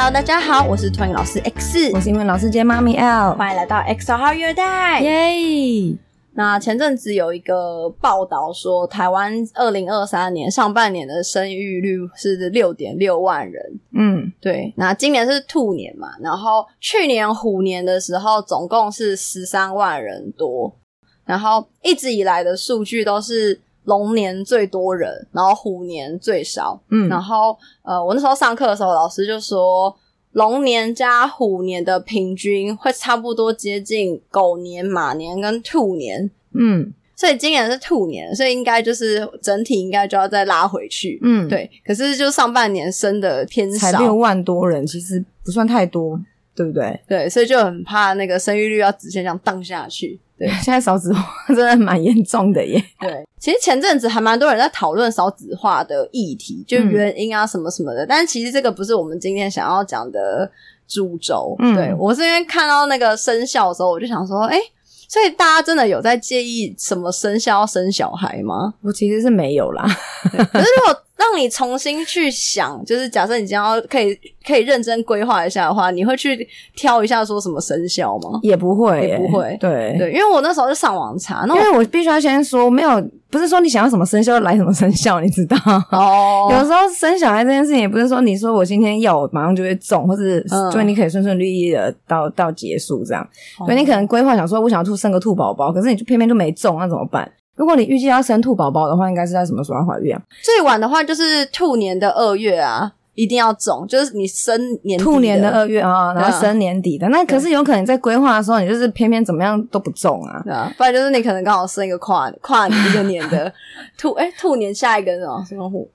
好，Hello, 大家好，我是 Twins 老師 X，我是英文老師兼媽咪 L，歡迎來到 X 二號育兒袋，耶！那前陣子有一個報道說，台灣二零二三年上半年的生育率是六點六萬人，嗯，對。那今年是兔年嘛，然後去年虎年的時候，總共是十三萬人多，然後一直以來的數據都是。龍年最多人，然後虎年最少。嗯，然後呃，我那時候上課的時候，老師就說龍年加虎年的平均會差不多接近狗年、馬年跟兔年。嗯，所以今年是兔年，所以應該就是整體應該就要再拉回去。嗯，對。可是就上半年生的偏少，才六萬多人其實不算太多，對不對？對，所以就很怕那個生育率要直線這樣蕩下去。對，現在少子化真的蠻嚴重的耶。對，其實前陣子還蠻多人在討論少子化的議題，就原因啊什麼什麼的。嗯、但其實這個不是我們今天想要講的主軸。嗯、對，我這邊看到那個生肖的時候，我就想說，哎、欸，所以大家真的有在介意什麼生肖要生小孩嗎？我其實是沒有啦。 可是如果讓你重新去想，就是假設你想要可以可以認真規劃一下的話，你會去挑一下說什麼生肖嗎？也不，也不會，也不會，對對，因為我那時候就上網查，那我因為我必須要先說，沒有，不是說你想要什麼生肖來什麼生肖，你知道。哦。Oh. 有時候生小孩這件事情，也不是說你說我今天要我馬上就會中，或者、嗯、就是你可以順順利利的到到結束這樣。Oh. 所以你可能規劃想說，我想要兔生個兔寶寶，可是你就偏偏就沒中，那怎麼辦？如果你預計要生兔寶寶的話，應該是在什麼時候要懷孕啊？最晚的話就是兔年的二月啊，一定要種，就是你生年底兔年的二月啊，然後生年底的。啊、那可是有可能在規劃的時候，你就是偏偏怎麼樣都不種啊，對啊，不然就是你可能剛好生一個跨跨一個年的 兔，哎、欸，兔年下一個是什麼？虎？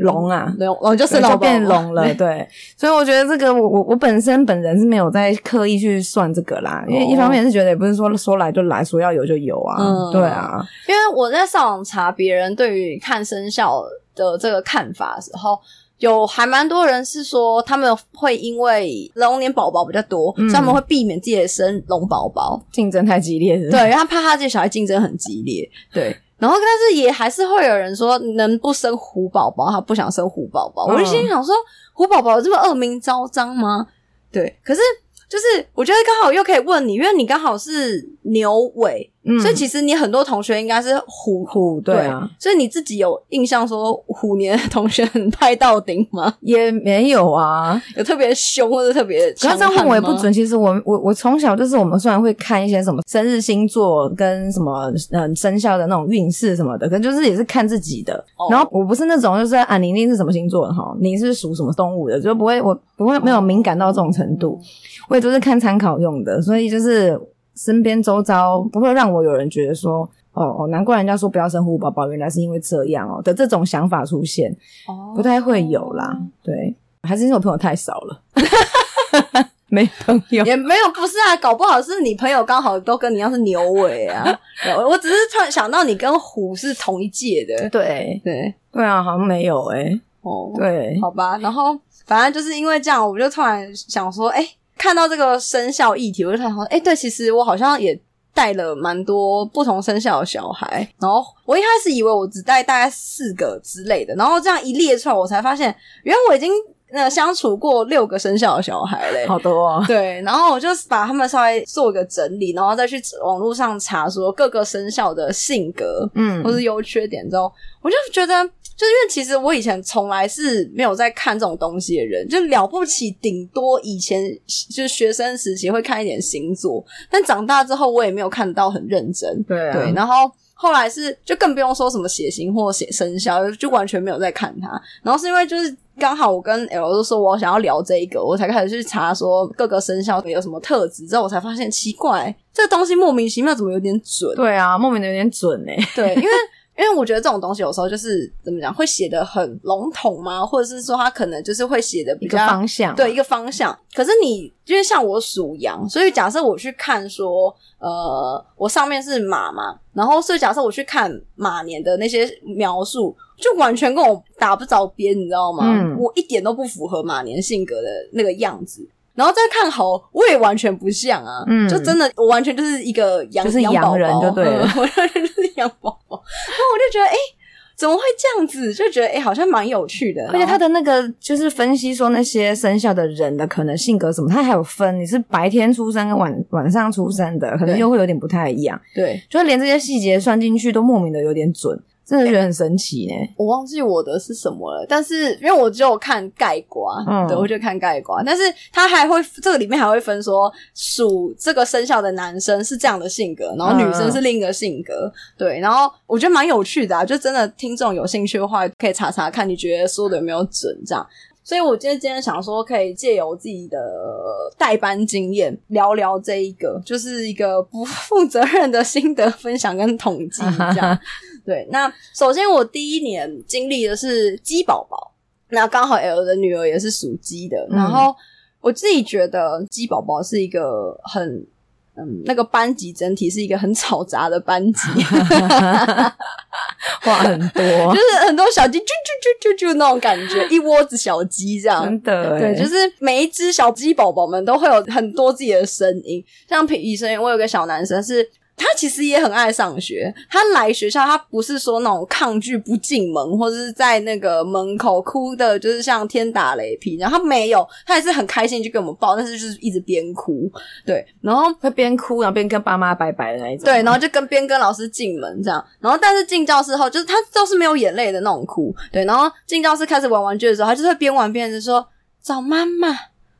龍啊，龍，我、哦、就是龍變龍了，啊、對，所以我覺得這個我我本身本人是沒有在刻意去算這個啦，因為一方面是覺得也不是說說來就來，說要有就有啊，嗯、對啊，因為我在上網查別人對於看生肖的這個看法的時候，有還蠻多人是說他們會因為龍年寶寶比較多，嗯、所以他們會避免自己的生龍寶寶，競爭太激烈是不是？對，因為他怕他自己小孩競爭很激烈，對。然後，但是也還是會有人說，能不生虎寶寶，他不想生虎寶寶。我就心裡想說，嗯、虎寶寶有這麼惡名昭彰嗎？對，可是就是我覺得剛好又可以問你，因為你剛好是牛尾。嗯，所以其實你很多同學應該是虎虎，對啊，所以你自己有印象說虎年同學很拍到頂嗎？也沒有啊，有特別凶或者特別。你要這樣問我也不準。其實我我我從小就是我們雖然會看一些什麼生日星座跟什麼、呃、生肖的那種運勢什麼的，可是就是也是看自己的。哦、然後我不是那種就是啊，寧寧是什麼星座的哈？你是屬什麼動物的？就不會，我不會，沒有敏感到這種程度，嗯、我也都是看參考用的，所以就是。身邊周遭不會讓我有人覺得說，哦哦，難怪人家說不要生虎寶寶，原來是因為這樣哦的這種想法出現，哦，不太會有啦，對，還是因為我朋友太少了， 沒朋友也沒有，不是啊，搞不好是你朋友剛好都跟你一樣是牛尾啊， 我只是突然想到你跟虎是同一屆的，對對對啊，好像沒有哎、欸，哦，對，好吧，然後反正就是因為這樣，我就突然想說，哎、欸。看到這個生肖議題，我就想說，欸，對，其實我好像也帶了蠻多不同生肖的小孩，然後我一開始以為我只帶大概四個之類的，然後這樣一列出來，我才發現，原來我已經。那相處過六個生肖的小孩嘞，好多啊、哦！對，然後我就把他們稍微做一個整理，然後再去網絡上查說各個生肖的性格，嗯，或是優缺點之後，我就覺得，就是因為其實我以前從來是沒有在看這種東西的人，就了不起，頂多以前就是學生時期會看一點星座，但長大之後我也沒有看到很認真，對啊，對，然後。後來是就更不用說什麼血型或寫生肖，就完全沒有在看它。然後是因為，就是剛好我跟 L 都說我想要聊這一個，我才開始去查說各個生肖有什麼特質，之後我才發現奇怪、欸，這個、東西莫名其妙怎麼有點準？對啊，莫名的有點準哎、欸。 對，因為。因為我覺得這種東西有時候就是怎麼講，會寫得很籠統嗎？或者是說他可能就是會寫得比較一個方向啊。對，一個方向。可是你就是像我屬羊，所以假設我去看說，呃，我上面是馬嘛，然後是假設我去看馬年的那些描述，就完全跟我打不着邊，你知道嗎？嗯。我一點都不符合馬年性格的那個樣子。然後再看，好，我也完全不像啊，嗯，就真的，我完全就是一個羊羊人，對，我完全就是羊寶寶。然後我就覺得，哎、欸，怎麼會這樣子？就覺得，哎、欸，好像蠻有趣的。而且他的那個就是分析說那些生肖的人的可能性格什麼，他還有分你是白天出生跟晚晚上出生的，可能又會有點不太一樣。對，對就是連這些細節算進去，都莫名的有點準。真的覺得很神奇呢、欸欸，我忘記我的是什麼了。但是因為我只有看蓋瓜，嗯，對，我就看蓋瓜，但是他還會，這個裡面還會分說屬這個生肖的男生是這樣的性格，然後女生是另一個性格，啊、對。然後我覺得蠻有趣的啊，就真的聽眾有興趣的話，可以查查看你覺得說的有沒有準這樣。所以我今天，今天想說，可以借由自己的代班經驗聊聊這一個，就是一個不負責任的心得分享跟統計這樣。啊哈哈對，那首先我第一年經歷的是雞寶寶，那剛好 L 的女兒也是屬雞的，嗯、然後我自己覺得雞寶寶是一個很嗯，那個班級整體是一個很吵雜的班級，話 很多 就是很多小雞啾啾啾啾啾那種感覺，一窩子小雞這樣，真的對，對就是每一只小雞寶寶們都會有很多自己的聲音，像皮醫生，我有個小男生是。他其實也很愛上學。他來學校，他不是說那種抗拒不進門，或者是在那個門口哭的，就是像天打雷劈。然後他沒有，他還是很開心去給我們抱，但是就是一直邊哭，對，然後他邊哭，然後邊跟爸媽拜拜的那一種。對，然後就跟邊跟老師進門這樣，然後但是進教室後，就是他都是沒有眼淚的那種哭，對。然後進教室開始玩玩具的時候，他就會邊玩邊就說找媽媽。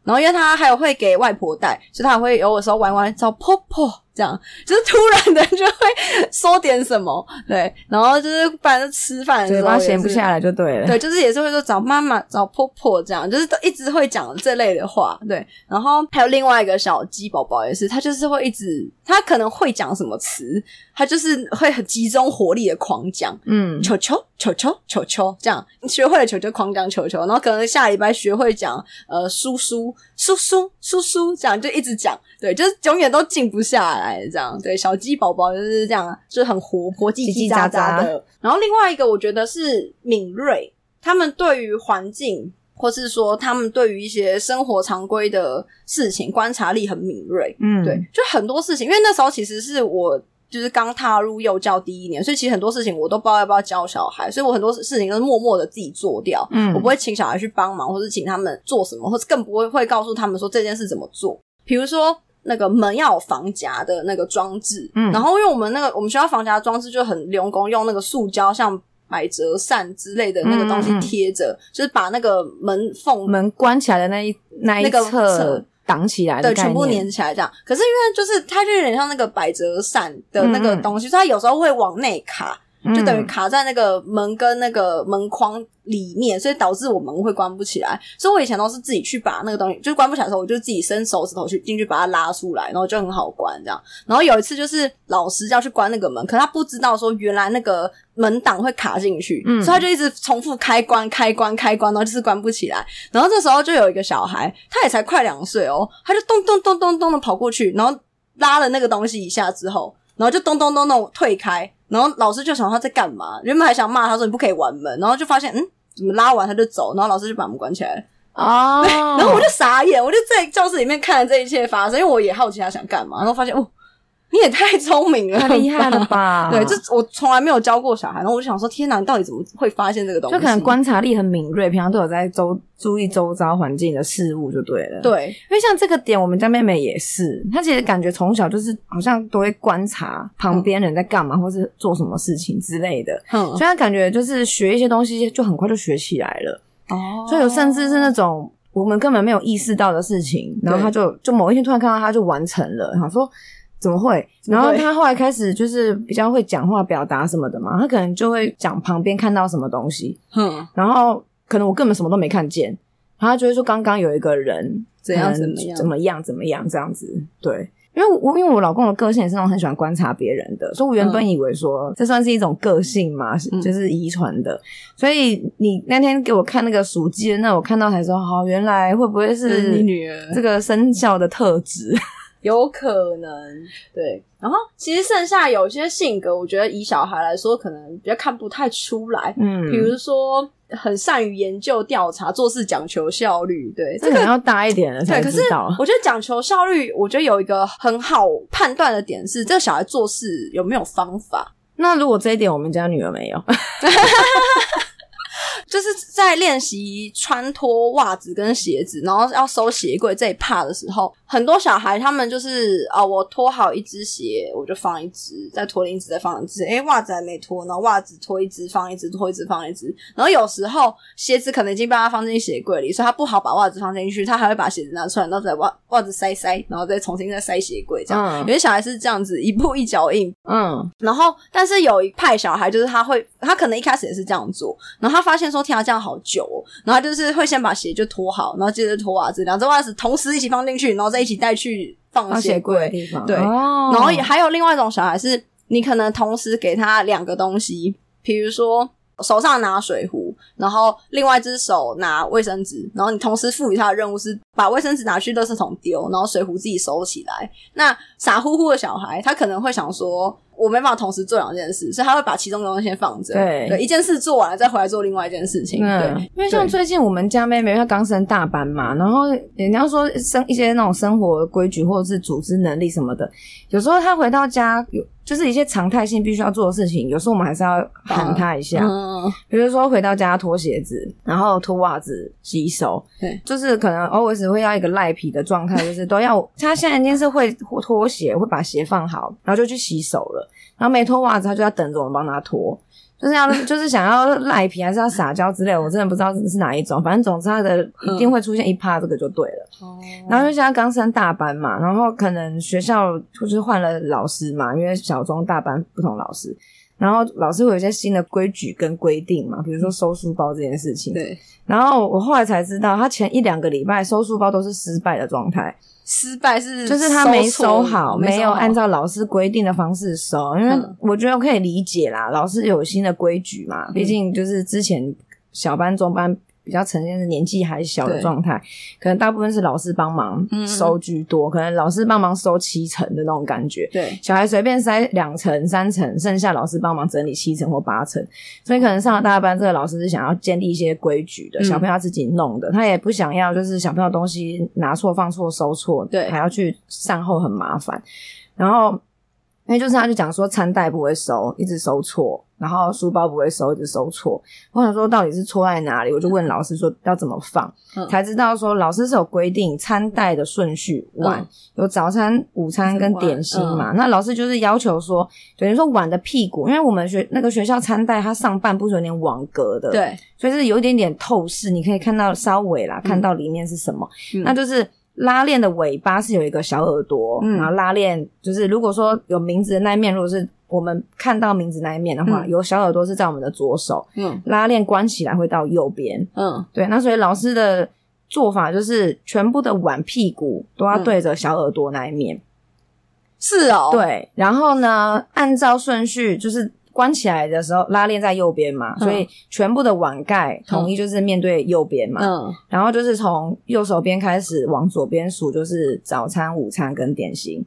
然後因為他還有會給外婆帶，所以他還會有的時候玩玩找婆婆。這樣就是突然的就會說點什麼，對，然後就是反正吃飯的時候閒不下來就對了，對，就是也是會說找媽媽、找婆婆這樣，就是都一直會講這類的話，對。然後還有另外一個小雞寶寶也是，他就是會一直他可能會講什麼詞，他就是會很集中火力的狂講，嗯，球球球球球球這樣，你學會了球球，狂講球球，然後可能下禮拜學會講呃叔叔叔叔叔叔這樣，就一直講，對，就是永遠都靜不下來。哎，這樣對，小雞寶寶就是這樣，就很活潑，嘰嘰喳喳喳的。然後另外一個，我覺得是敏銳，他們對於環境，或是說他們對於一些生活常規的事情，觀察力很敏銳。嗯，對，就很多事情，因為那時候其實是我就是剛踏入幼教第一年，所以其實很多事情我都不知道要不要教小孩，所以我很多事情都是默默的自己做掉。嗯，我不會請小孩去幫忙，或是請他們做什麼，或是更不會會告訴他們說，這件事怎麼做。比如說。那個門要有防夾的那個裝置，嗯，然後因為我們那個我們學校防夾的裝置就很利用用那個塑膠像百褶扇之類的那個東西貼着，嗯嗯、就是把那個門縫門關起來的那一那一側，那個側擋起來的，對，全部粘起來這樣。可是因為就是它就有點像那個百褶扇的那個東西，嗯、所以它有時候會往內卡。就等於卡在那個門跟那個門框裡面，所以導致我門會關不起來。所以我以前都是自己去把那個東西，就關不起來的時候，我就自己伸手指頭去進去把它拉出來，然後就很好關這樣。然後有一次就是老師要去關那個門，可他不知道說原來那個門檔會卡進去，所以他就一直重複開關開關開關，然後就是關不起來。然後這時候就有一個小孩，他也才快兩歲哦，他就咚咚咚咚咚的跑過去，然後拉了那個東西一下之後，然後就咚咚咚咚退開。然後老師就想他在幹嘛，原本還想罵他說你不可以玩門，然後就發現嗯怎麼拉完他就走，然後老師就把門關起來啊，Oh，然後我就傻眼，我就在教室裡面看着這一切發生，因為我也好奇他想幹嘛，然後發現哦。你也太聰明了，太厲害了吧？對，這我從來沒有教過小孩，然後我就想說，天哪，你到底怎麼會發現這個東西？就可能觀察力很敏銳，平常都有在周注意周遭環境的事物，就對了。對，因為像這個點，我們家妹妹也是，她其實感覺從小就是好像都會觀察旁邊人在幹嘛，嗯、或是做什麼事情之類的，嗯、所以她感覺就是學一些東西就很快就學起來了。哦，所以有甚至是那種我們根本沒有意識到的事情，然後她就對就某一天突然看到她就完成了，他說。怎麼會？然後他後來開始就是比較會講話、表達什麼的嘛，他可能就會講旁邊看到什麼東西，嗯，然後可能我根本什麼都沒看見，然後他覺得說剛剛有一個人怎樣怎麼樣怎麼樣怎麼樣這樣子，對，因為我因為我老公的個性也是那種很喜歡觀察別人的，所以我原本以為說這算是一種個性嘛，嗯、就是遺傳的，所以你那天給我看那個屬雞的那我看到才說好、哦，原來會不會是、嗯、你女兒這個生肖的特質？有可能，對。然後其實剩下有些性格，我覺得以小孩來說，可能比較看不太出來。嗯，比如說很善於研究調查，做事講求效率，對，這可能、這個、要大一點了。對，可是我覺得講求效率，我覺得有一個很好判斷的點是，這個小孩做事有沒有方法。那如果這一點，我們家女兒沒有。 就是在練習穿脫襪子跟鞋子，然後要收鞋櫃這一趴的時候，很多小孩他們就是，啊、哦、我脫好一隻鞋，我就放一隻，再脫另一隻，再放一隻。哎、欸，襪子還沒脫，然後襪子脫一隻放一隻，脫一隻放一隻。然後有時候鞋子可能已經被他放進鞋櫃裡，所以他不好把襪子放進去，他還會把鞋子拿出來，然後再襪襪子塞塞，然後再重新再塞鞋櫃這樣。有些小孩是這樣子一步一腳印，嗯。然後，但是有一派小孩就是他會，他可能一開始也是這樣做，然後他發現說。聽他這樣好久、哦，然後就是會先把鞋就脫好，然後接着脫襪子，兩只襪子同時一起放進去，然後再一起帶去放鞋櫃。放鞋櫃的地方。對，oh. 然後也還有另外一種小孩是，你可能同時給他兩個東西，比如說手上拿水壺。然後另外一隻手拿衛生紙，然後你同時賦予他的任務是把衛生紙拿去垃圾桶丟，然後水壺自己收起來。那傻乎乎的小孩，他可能會想說：“我沒辦法同時做兩件事，所以他會把其中的東西先放着，對，對，一件事做完了再回來做另外一件事情。嗯”對，因為像最近我們家妹妹她剛升大班嘛，對然後你要說生一些那種生活規矩或者是組織能力什麼的，有時候他回到家有就是一些常態性必須要做的事情，有時候我們還是要喊他一下，嗯、比如說回到家。大家脫鞋子，然後脫襪子，洗手。對，就是可能 Always 會要一個賴皮的狀態，就是都要。他現在已經是會脫鞋，會把鞋放好，然後就去洗手了。然後沒脫襪子，他就要等着我們幫他脫，就是要就是想要賴皮，還是要撒嬌之類，我真的不知道是哪一種。反正總之他的一定會出現一趴，這個就對了。然後因為現在剛升大班嘛，然後可能學校就是換了老師嘛，因為小中大班不同老師。然後老師會有一些新的規矩跟規定嘛，比如說收書包這件事情。嗯、對。然後我後來才知道，他前一兩個禮拜收書包都是失敗的狀態。失敗是就是他沒收好，沒收好。沒有按照老師規定的方式收。因為我覺得我可以理解啦，嗯、老師有新的規矩嘛，畢竟就是之前小班、中班。比較呈現是年紀還小的狀態，對可能大部分是老師幫忙收居多，嗯嗯可能老師幫忙收七成的那種感覺。對，小孩隨便塞兩層、三層，剩下老師幫忙整理七成或八成。所以可能上了大班，這個老師是想要建立一些規矩的，嗯、小朋友要自己弄的，他也不想要就是小朋友東西拿錯、放錯、收錯，對，還要去善後很麻煩。然後那就是他就講說，餐袋不會收，一直收錯。然後書包不會收，一直收錯。我想說到底是錯在哪裡，我就問老師說要怎麼放，嗯、才知道說老師是有規定餐袋的順序晚，碗、嗯、有早餐、午餐跟點心嘛。嗯、那老師就是要求說，等於說碗的屁股，因為我們學那個學校餐袋，它上半部是有點網格的，對，所以是有一點點透視，你可以看到稍微啦，嗯、看到裡面是什麼，嗯、那就是拉鏈的尾巴是有一個小耳朵，嗯、然後拉鏈就是如果說有名字的那一面，如果是。我們看到名字那一面的話，嗯、有小耳朵是在我們的左手，嗯，拉鏈關起來會到右邊。嗯，對。那所以老師的做法就是，全部的碗屁股都要對着小耳朵那一面。嗯、是哦，對。然後呢，按照順序就是關起來的時候，拉鏈在右邊嘛，嗯、所以全部的碗蓋統一就是面對右邊嘛。嗯，然後就是從右手邊開始往左邊數，就是早餐、午餐跟點心。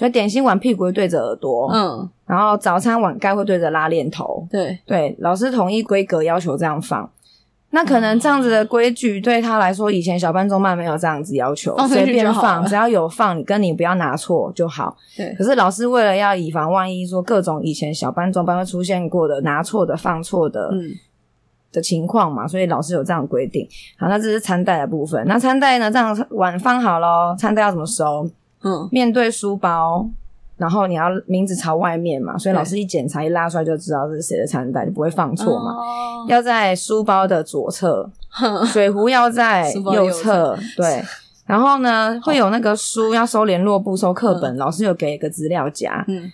所以點心碗屁股會對着耳朵，嗯，然後早餐碗蓋會對着拉鏈頭，對對，老師統一規格要求這樣放。那可能這樣子的規矩對他來說，以前小班中班沒有這樣子要求，隨便放，只要有放，你跟你不要拿錯就好。對，可是老師為了要以防萬一，說各種以前小班中班會出現過的拿錯的、放錯的、嗯、放錯的的情況嘛，所以老師有這樣規定。好，那這是餐袋的部分，那餐袋呢？這樣碗放好嘍，餐袋要怎麼收？嗯，面對書包，然後你要名字朝外面嘛，所以老師一檢查一拉出來就知道這是誰的餐袋，就不會放錯嘛。Oh. 要在書包的左側， 水壺要在右側， 右側 對。然後呢，會有那個書要收聯絡簿、收課本，Oh. 老師有給一個資料夾， 嗯。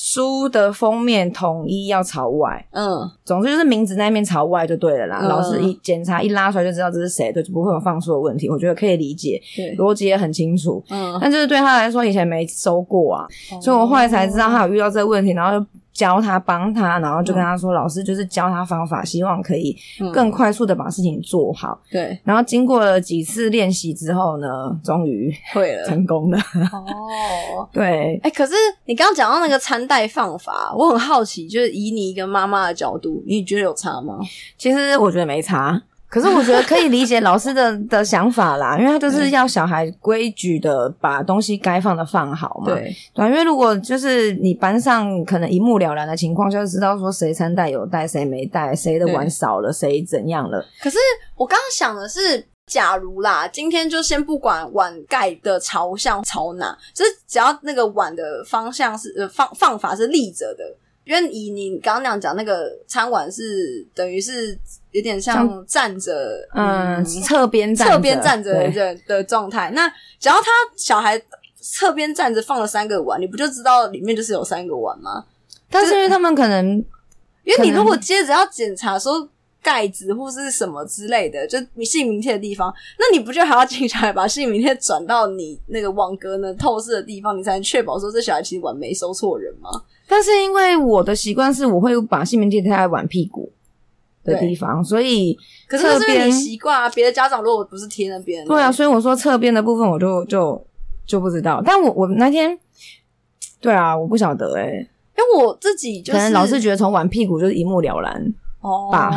書的封面統一要朝外，嗯，總之就是名字那面朝外就對了啦。嗯、老師一檢查一拉出來就知道這是誰，對，就不會有放錯的問題。我覺得可以理解，邏輯，對，也很清楚。嗯，但就是對他來說以前沒收過啊，嗯、所以我後來才知道他有遇到這個問題，然後就。教他幫他，然後就跟他說：“嗯、老師就是教他方法，希望可以更快速的把事情做好。嗯”對。然後經過了幾次練習之後呢，終於會了，成功了。哦， 對，哎、欸，可是你剛剛講到那個餐袋放法，我很好奇，就是以你一個媽媽的角度，你覺得有差嗎？其實我覺得沒差。 可是我覺得可以理解老師的的想法啦，因為他就是要小孩規矩的把東西該放的放好嘛。對，因為如果就是你班上可能一目了然的情況，就是知道說誰餐帶有帶誰沒帶，誰的碗少了，誰對怎樣了。可是我剛剛想的是，假如啦，今天就先不管碗蓋的朝向朝哪，就是只要那個碗的方向是呃，放放法是立着的，因為以你剛剛那樣講，那個餐碗是等於是。有點像站着，嗯，側邊、嗯、站，側邊站着的的狀態。對那只要他小孩側邊站着放了三個碗，你不就知道裡面就是有三個碗嗎？但是就因為他們可能，可能因為你如果接着要檢查說蓋子或是什麼之類的，就你姓名貼的地方，那你不就還要請小孩把姓名貼轉到你那個網格呢透視的地方，你才能確保說這小孩其實碗沒收錯人嗎？但是因為我的習慣是，我會把姓名貼貼在碗屁股的地方，對所以可是側邊習慣啊。別的家長如果不是貼那邊，對啊，所以我說側邊的部分，我就就就不知道。但我我那天，對啊，我不曉得哎、欸，因為我自己、就是、可能老是覺得從玩屁股就是一目了然哦，吧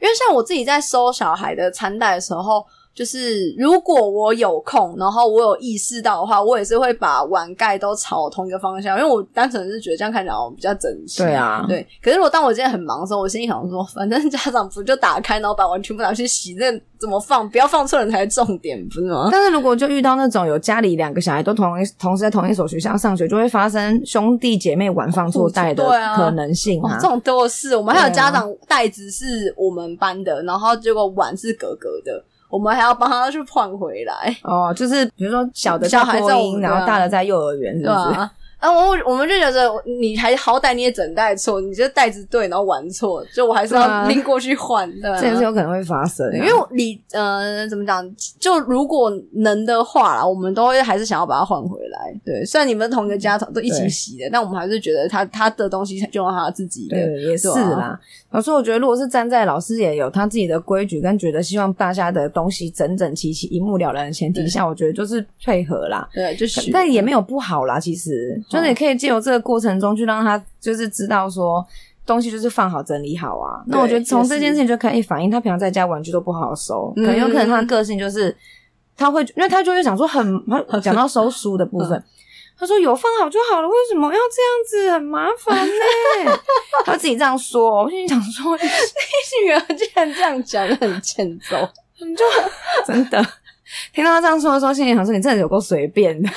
因為像我自己在收小孩的餐袋的時候，就是如果我有空，然後我有意識到的話，我也是會把碗蓋都朝同一個方向，因為我單純是覺得這樣看起來比較整齊。對啊，對。可是如果當我今天很忙的時候，我心裡想說，反正家長不就打開，然後把碗全部拿去洗，那怎麼放？不要放錯人才是重點，不是嗎？但是如果就遇到那種有家裡兩個小孩都同一同時在同一所學校上學，就會發生兄弟姐妹碗放錯袋的可能性、啊哦對啊哦。這種都是我們還有家長袋子是我們班的，啊、然後結果碗是格格的。我們還要幫他去換回來哦，就是比如說小的小孩在、啊、然後大的在幼兒園，是不是？啊，我我們就覺得你還好歹你也整袋錯，你就袋子對，然後玩錯，就我還是要拎過去換。這也是有可能會發生，因為你呃，怎麼講？就如果能的話啦，我們都會還是想要把它換回來。對，雖然你們同一個家長都一起洗的，對但我們還是覺得他他的東西就用他自己的，對，對啊、也是啦。老師，我覺得如果是站在老師也有他自己的規矩，跟覺得希望大家的東西整整齊齊、一目了然的前提下，我覺得就是配合啦。對，就是，但也沒有不好啦，其實。所以你可以借由這個過程中去讓他就是知道說，東西就是放好整理好啊。那我覺得從這件事情就可以反映他平常在家玩具都不好收，嗯嗯可能有可能他的個性就是他會，因為他就會想說很他講到收書的部分，嗯、他說有放好就好了，為什麼要這樣子很麻煩呢？欸？ 他自己這樣說，我心裡想說你， 你女兒竟然這樣講，很欠揍，你就 真的。聽到他這樣說的時候，心裡想說你真的有夠隨便的。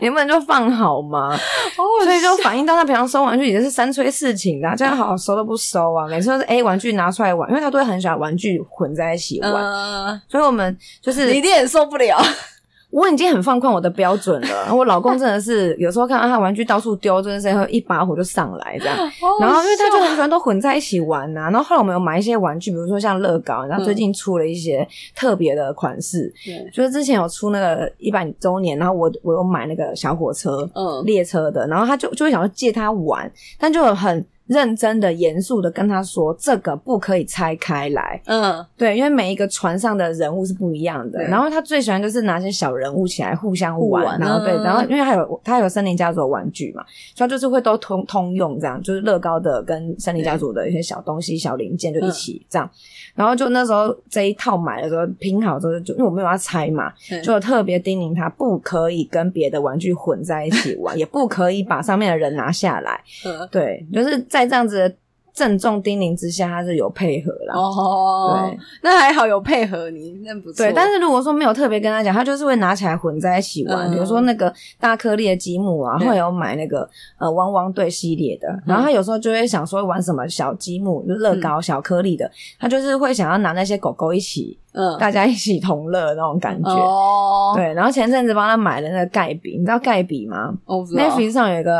你能 不能就放好嗎？Oh, 所以就反映到他平常收玩具已經是三催四請，的、啊，這樣好好收都不收啊！每次都是誒，玩具拿出來玩，因為他都會很喜歡玩具混在一起玩，uh, 所以我們就是你一定也受不了。 我已經很放寬我的標準了， 然後，我老公真的是有時候看到他玩具到處丟，真的是會一把火就上來這樣。 好好笑啊，然後因為他就很喜歡都混在一起玩吶，啊，然後後來我們有買一些玩具，比如說像樂高，然後、嗯、最近出了一些特別的款式，對就是之前有出那個一百週年，然後我我有買那個小火車、嗯、列車的，然後他就就會想要借他玩，但就很認真的、嚴肅的跟他說：“這個不可以拆開來。”嗯，對，因為每一個船上的人物是不一樣的。對然後他最喜歡就是拿些小人物起來互相玩，玩然後對，嗯、然後因為他有他還有他有森林家族的玩具嘛，所以他就是會都通通用這樣，就是樂高的跟森林家族的一些小東西、對小零件就一起這樣。嗯、然後就那時候這一套買的時候拼好之後，就因為我沒有要拆嘛，對就特別叮嚀他不可以跟別的玩具混在一起玩， 也不可以把上面的人拿下來。嗯、對，就是在這樣子的鄭重叮嚀之下，他是有配合啦。哦，對，那還好有配合你，那不錯。對，但是如果說沒有特別跟他講，他就是會拿起來混在一起玩。比如說那個大顆粒的積木啊，會有買那個呃汪汪隊系列的。然後他有時候就會想說玩什麼小積木，樂高小顆粒的。他就是會想要拿那些狗狗一起，嗯，大家一起同樂那種感覺。哦，對。然後前陣子幫他買了那個蓋比，你知道蓋比嗎？Netflix 上有一個。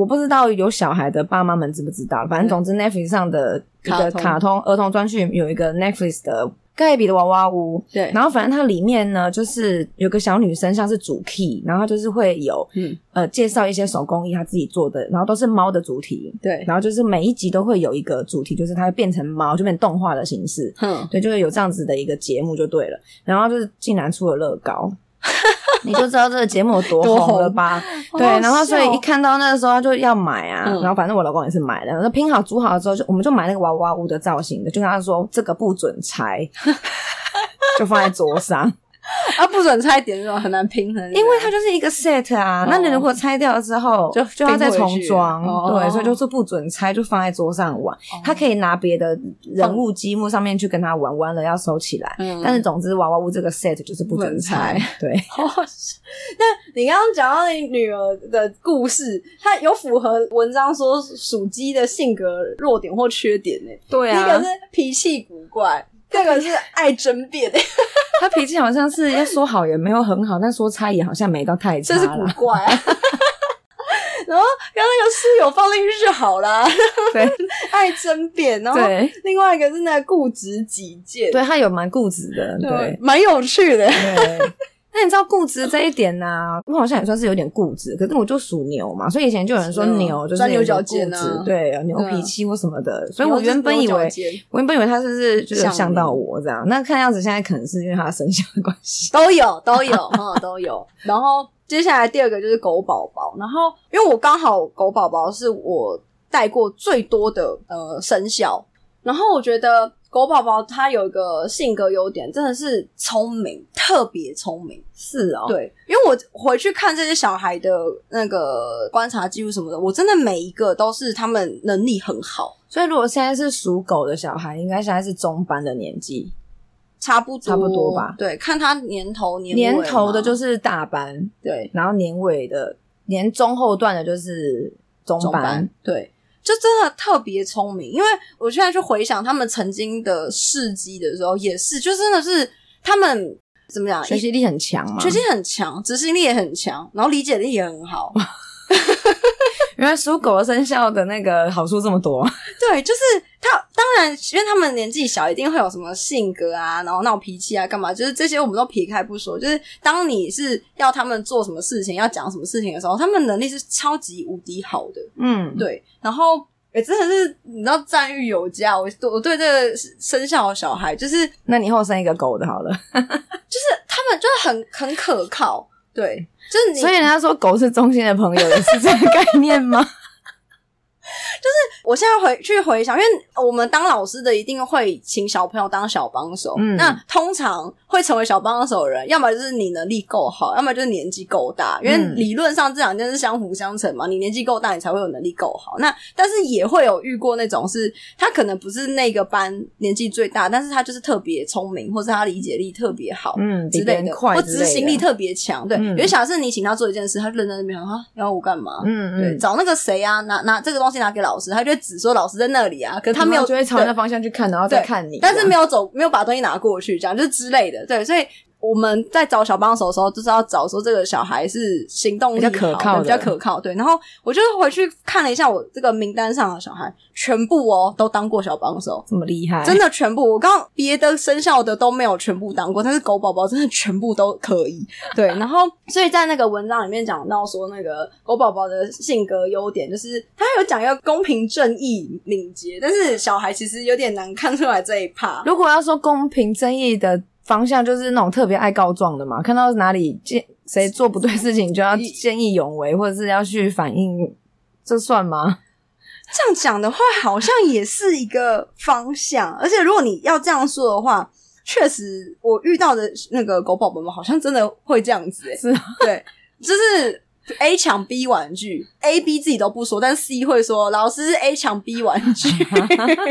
我不知道有小孩的爸媽們知不知道，反正總之 Netflix 上的一個卡通兒童專區有一個 Netflix 的蓋比的娃娃屋，對，然後反正它裡面呢就是有個小女生像是主 key 然後她就是會有、嗯、呃介紹一些手工藝，她自己做的，然後都是貓的主題，對，然後就是每一集都會有一個主題，就是它會變成貓，就變動畫的形式，嗯哼，對，就會有這樣子的一個節目就對了，然後就是竟然出了樂高。 你就知道這個節目有多紅了吧？紅對，哦、然後所以一看到那個時候他就要買啊，嗯、然後反正我老公也是買的，那拼好、組好了之後，就我們就買那個娃娃屋的造型的，就跟他說這個不准拆， 就放在桌上。 啊，不准拆，點這種很難平衡。因為它就是一個 set 啊，那你如果拆掉了之後，就、哦、就要再重裝。對，哦、所以就是不准拆，就放在桌上玩。他、哦、可以拿別的人物積木上面去跟他玩完了，玩了要收起來。嗯、但是總之，娃娃屋這個 set 就是不准拆。準對、 哦。那你剛剛講到你女兒的故事，她有符合文章說屬雞的性格弱點或缺點呢、欸？對啊。第一個是脾氣古怪，第二個是愛爭辯。啊 他脾氣好像是要說好也沒有很好，但說差也好像沒到太差。這是古怪啊，啊 然後跟那個室友放進去就好啦，對 愛爭辯，然後對另外一個是那個固執己見，對他有蠻固執的，對，蠻有趣的。 對那、欸、你知道固執這一點呢、啊？我好像也算是有點固執，可是我就屬牛嘛，所以以前就有人說牛就是牛角尖，執，對，牛脾氣或什麼的。對所以我原本以為，我原本以為他是不是就是像到我這樣。你那看樣子現在可能是因為他生肖的關係。都有，都有， 都有。然後接下來第二個就是狗寶寶，然後因為我剛好狗寶寶是我帶過最多的呃生肖，然後我覺得。狗寶寶他有一個性格優點，真的是聰明，特別聰明。是哦，對，因為我回去看這些小孩的那個觀察記錄什麼的，我真的每一個都是他們能力很好。所以如果現在是屬狗的小孩，應該現在是中班的年紀，差不多差不多吧。對，看他年頭年年頭的就是大班，對、對，然後年尾的年中後段的就是中班，中班，對。就真的特別聰明，因為我現在去回想他們曾經的事蹟的時候，也是，就真的是他們怎麼講，學習力很強嘛、啊，學習很強，執行力也很強，然後理解力也很好。 原來屬狗的生肖的那個好處這麼多，對，就是他當然，因為他們年紀小，一定會有什麼性格啊，然後鬧脾氣啊，幹嘛？就是這些我們都撇開不說。就是當你是要他們做什麼事情，要講什麼事情的時候，他們能力是超級無敵好的。嗯，對。然後也、欸、真的是你知道讚譽有加，我我對這個生肖的小孩就是，那你以後生一個狗的好了， 就是他們就是很很可靠，對。所以人家說狗是忠心的朋友，也是這個概念嗎？ 就是我現在回去回想，因為我們當老師的一定會請小朋友當小幫手，嗯、那通常會成為小幫手的人，要麼就是你能力夠好，要麼就是年紀夠大。因為理論上這兩件事相輔相成嘛，你年紀夠大，你才會有能力夠好。那但是也會有遇過那種是，他可能不是那個班年紀最大，但是他就是特別聰明，或是他理解力特別好，嗯，之類的，類的或執行力特別強。嗯、對，有想是你請他做一件事，他愣在那邊啊，要我幹嘛？嗯嗯，對，嗯、找那個誰啊，拿拿這個東西拿給老師。老師，他就會指說老師在那裡啊，可是他沒有，就會朝那方向去看，對然後再看你，啊，但是沒有走，沒有把東西拿過去，這樣就是之類的，對，所以。我們在找小幫手的時候，就是要找說這個小孩是行動力好、比較可靠，比較可靠。對，然後我就回去看了一下我這個名單上的小孩，全部哦、喔、都當過小幫手，這麼厲害，真的全部。我剛別的生肖的都沒有全部當過，但是狗寶寶真的全部都可以。對，然後所以在那個文章裡面講到說，那個狗寶寶的性格優點就是他有講一個公平正義敏捷，但是小孩其實有點難看出來這一趴。如果要說公平正義的。方向就是那種特別愛告狀的嘛，看到哪裡見誰做不對事情就要見義勇為，或者是要去反映，這算嗎？這樣講的話，好像也是一個方向。而且如果你要這樣說的話，確實我遇到的那個狗寶寶們好像真的會這樣子哎，是啊，對，就是 A 搶 B 玩具，A、B 自己都不說，但 C 會說老師是 A 搶 B 玩具。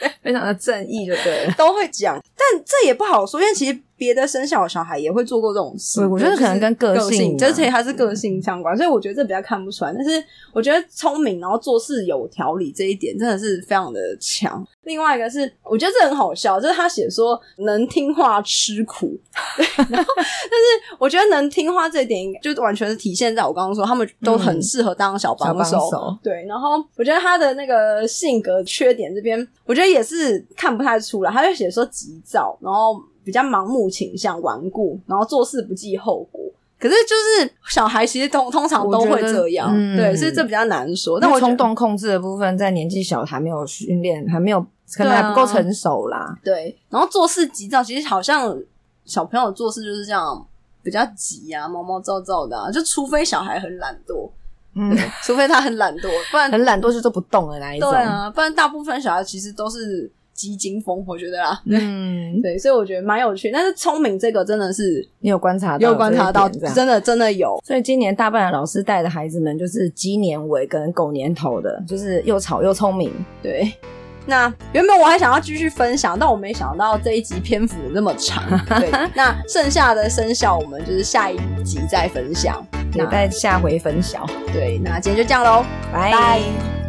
非常的正義，對，對不對？都會講，但這也不好說，因為其實。別的生肖的小孩也會做過這種事，嗯、我覺得可能跟個性，就是以他是個性相關，嗯、所以我覺得這比較看不出來。但是我覺得聰明，然後做事有條理這一點真的是非常的強。另外一個是，我覺得這很好笑，就是他寫說能聽話吃苦，對 然後但是我覺得能聽話這一點，就完全是體現在我剛剛說他們都很適合當小幫手。嗯、小幫手。對，然後我覺得他的那個性格缺點這邊，我覺得也是看不太出來。他就寫說急躁，然後。比較盲目，傾向頑固，然後做事不計後果。可是就是小孩其實通通常都會這樣，嗯、對，所以這比較難說。但我衝動控制的部分在年紀小還沒有訓練，還沒有可能還不夠成熟啦對、啊。對，然後做事急躁，其實好像小朋友做事就是這樣，比較急呀、啊，毛毛躁躁的、啊。就除非小孩很懶惰，嗯， 除非他很懶惰，不然很懶惰就做不動的那一種。對啊，不然大部分小孩其實都是。基金風，我覺得啦，嗯，對，所以我覺得蠻有趣。但是聰明這個真的是，你有觀察到？有觀察到，真的真的有。所以今年大半的老師帶的孩子們就是雞年尾跟狗年頭的，就是又吵又聰明。對，那原本我還想要繼續分享，但我沒想到這一集篇幅那麼長。 對，那剩下的生肖我們就是下一集再分享，那待下回分曉。對，那今天就這樣嘍，拜 Bye。